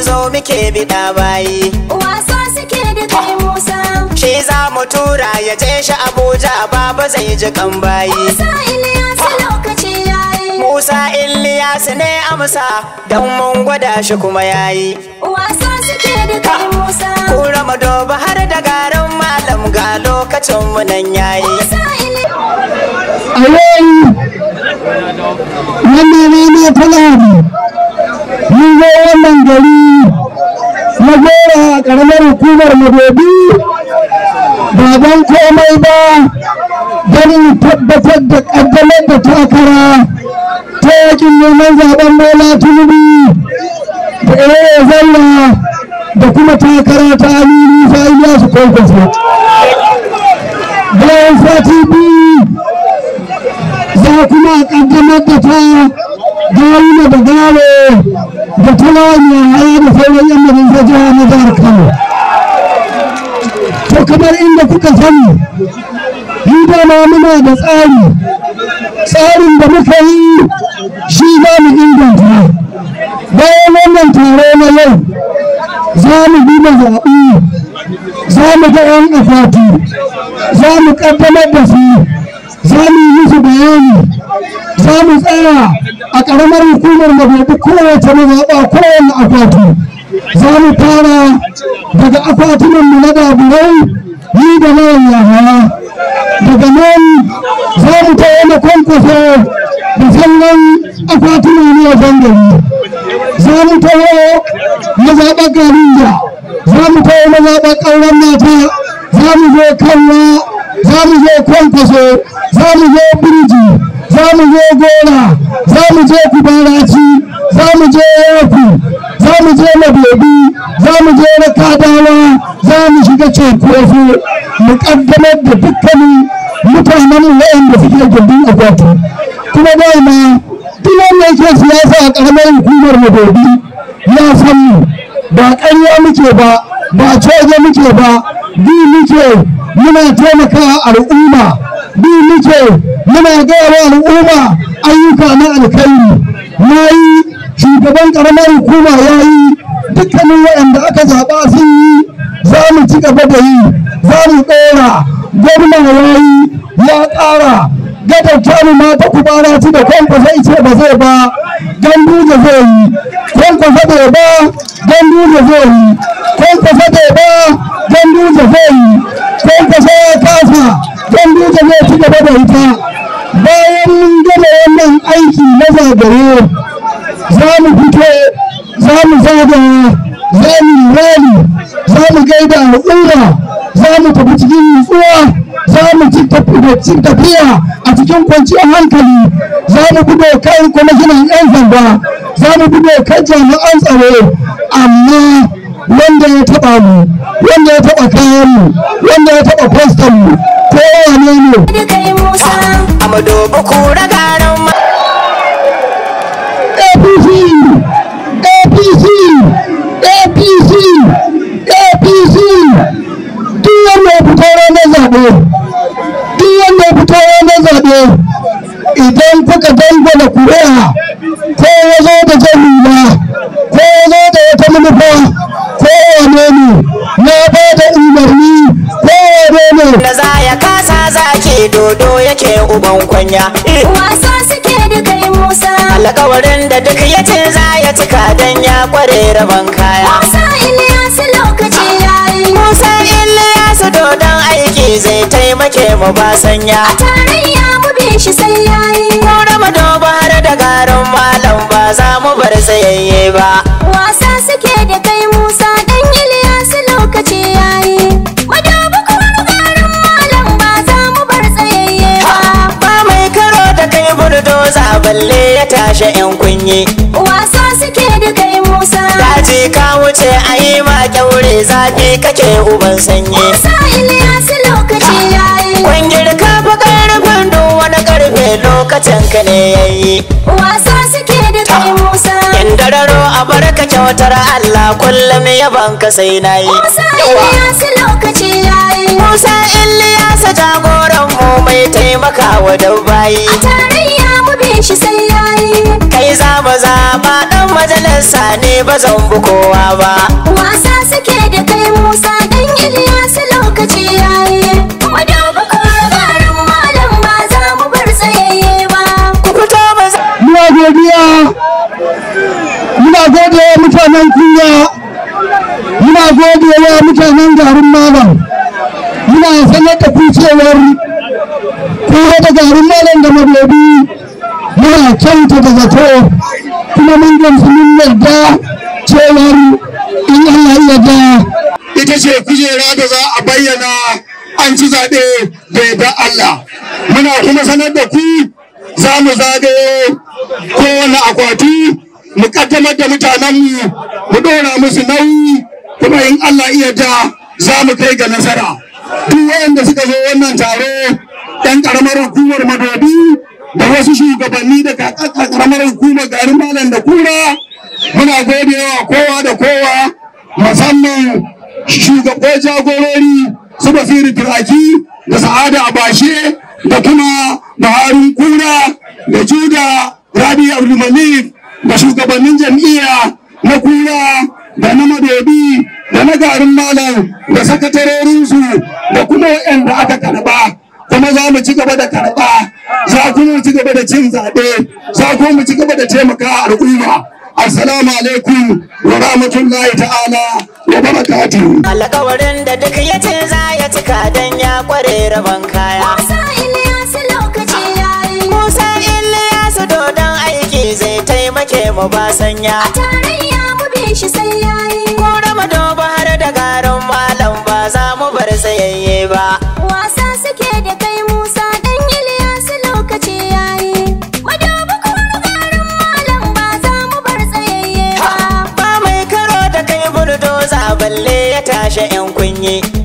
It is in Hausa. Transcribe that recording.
manzo muke da bayi wasa suke da kai musa shi za mu tura ya je shi abuja baba zai ji kan bayi musa ilyas lokaci yayi musa ilyas ne amsa dan mun gwada shi kuma yayi wasa suke da kai musa kura madoba har da garin malam ga lokacin mu nan yayi Ayoyi, wannan rana fulani. mun zo wannan gari na gora karamar hukumar madobi ba komai ba ganin tabbatar da ƙaddamar da takara ta yakin neman zaben bola tinubu da ɗaya zalla da kuma takara ta amini ta iya su kwankwasa bayan sati biyu za kuma ƙaddamar da ta gawuna da gawo da talawan yaya da sauran yan majalisar jiha na jihar kano to kamar inda kuka sani mu dama muna da tsari tsarin da muka yi shi za mu inganta bayan wannan taro na yau za mu duba zaɓi za mu ga yan akwati za mu ƙaddamar da su za mu yi musu bayani za mu tsaya karamar hukumar mafi kowace mazaɓa kowane akwati za mu fara daga akwatunan mu na daburai ni da nan yahawa daga nan za mu tawo na kwankwasa da sallan akwatunan ne a bangare za mu tawo mazaɓar garin da za mu ta yi tawo mazaɓar ƙauran mata za mu zo kalla za mu zo kwankwaso za mu zo birji za mu je gona za mu je kubaraci za mu je yafi za mu je mabebi za mu je na kadawa za mu shiga cokofo mu kaddamar da dukkanin mutanen da suke gindin akwati kuma dama duk wanda yake siyasa a ƙaramar hukumar mabebi ya san ba ƙarya muke ba ba coge muke ba bi muke muna taimaka al'umma bi muke muna gaya wa al'umma ayyuka na alkhairi na yi shugaban karamar hukuma ya yi dukkanin waɗanda aka zaɓa sun yi za mu ci gaba da yi za mu ɗora gwamna ya yi ya ƙara gadar kyanu ma ta kubara ci da kwanka zai ce ba zai ba gandu da zai yi kwanka zai ba gandu da zai yi kwanka zai ba gandu da zai yi kwanka ya kasa gandu da zai ci gaba da ita a za mu fito za mu zagaya za mu yi rali za mu gaida al'umma za mu tafi cikin nutsuwa za mu ci tafiya a cikin kwanciyar hankali za mu gudu kan kwamishinan 'yan zamba za mu gudu kan jami'an tsaro amma wanda ya taba mu wanda ya taba kayan mu wanda ya taba kwastan mu ko wane ne Amado Bukura Garan da kuri'a ko ya zo da jan riga ko ya zo da wata manufa ko ya ne na ba da umarni ko ya ne da za ya kasa za ke dodo yake uban kwanya wasa suke da kai musa alƙawarin da duk ya ce za ya cika dan ya kware rabon kaya ya ilyasu lokaci yayi musa su dodon aiki zai taimake mu ba sanya a tarayya mu bi shi sai yi. tsayayye ba wasa suke da kai musa dan iliyasu lokaci yayi madabu kuma garin malam ba za mu bar tsayayye ba ba mai karo da kai burdoza balle ya tashi yan kunyi wasa suke da kai musa daji ka wuce a yi ma kyaure zafi kake uban sanyi musa iliyasu lokaci yayi kwangir ka fi karfin duk wani karfe lokacin ka ne yayi wasa kararo a barka kyautar Allah kullum yaban ka sai nayi Musa Ilyasu lokaci yayi Musa Ilyasu jagoran mu mai taimaka wa dabbayi A tarayya mu bi shi sai yayi Kai za mu ba dan majalisa ne ba zan bu kowa ba Wasa suke da kai Musa dan Ilyasu lokaci yayi Yeah. muna gode wa mutanen kunya muna gode wa mutanen garin malam muna sanar da ku cewar kowa da garin malam da mablabi muna kyauta da zato kuma mun gamsu mun yarda cewar in Allah ya yarda ita ce kujera da za a bayyana an ci zaɓe da yadda Allah muna kuma sanar da ku za mu zagaye kowane akwati mu kaddamar da mutanen mu ɗora musu nauyi kuma in Allah iya da za mu kai ga nasara duk waɗanda suka zo wannan taro ɗan ƙaramar hukumar madobi da wasu shugabanni da ƙaramar hukumar garin malam da kura muna godewa kowa da kowa musamman shugabai jagorori su basiru turaki da sa'ada abashe da kuma baharin kura da juda rabi abdulmalik da shugabannin jam'iyya na kura da na madobi da na garin malam da sakatarorinsu da kuma waɗanda aka karɓa kuma za mu ci gaba da karɓa za kuma mu ci gaba da cin zaɓe za kuma mu ci gaba da taimaka al'umma assalamu alaikum wa rahmatullahi ta'ala wa barakatuhu alƙawarin da duk ya ce za ya cika dan ya kware rabon kaya ke mu ba sanya a tarayya mu bi shi sai yayi ko ramadan ba har da garin malam ba za mu bar sayayye ba wasa suke da kai musa dan ilyas lokaci yayi madobi kuma garin malam ba za mu bar sayayye ba ba mai karo da kai a balle ya tashi yan kunyi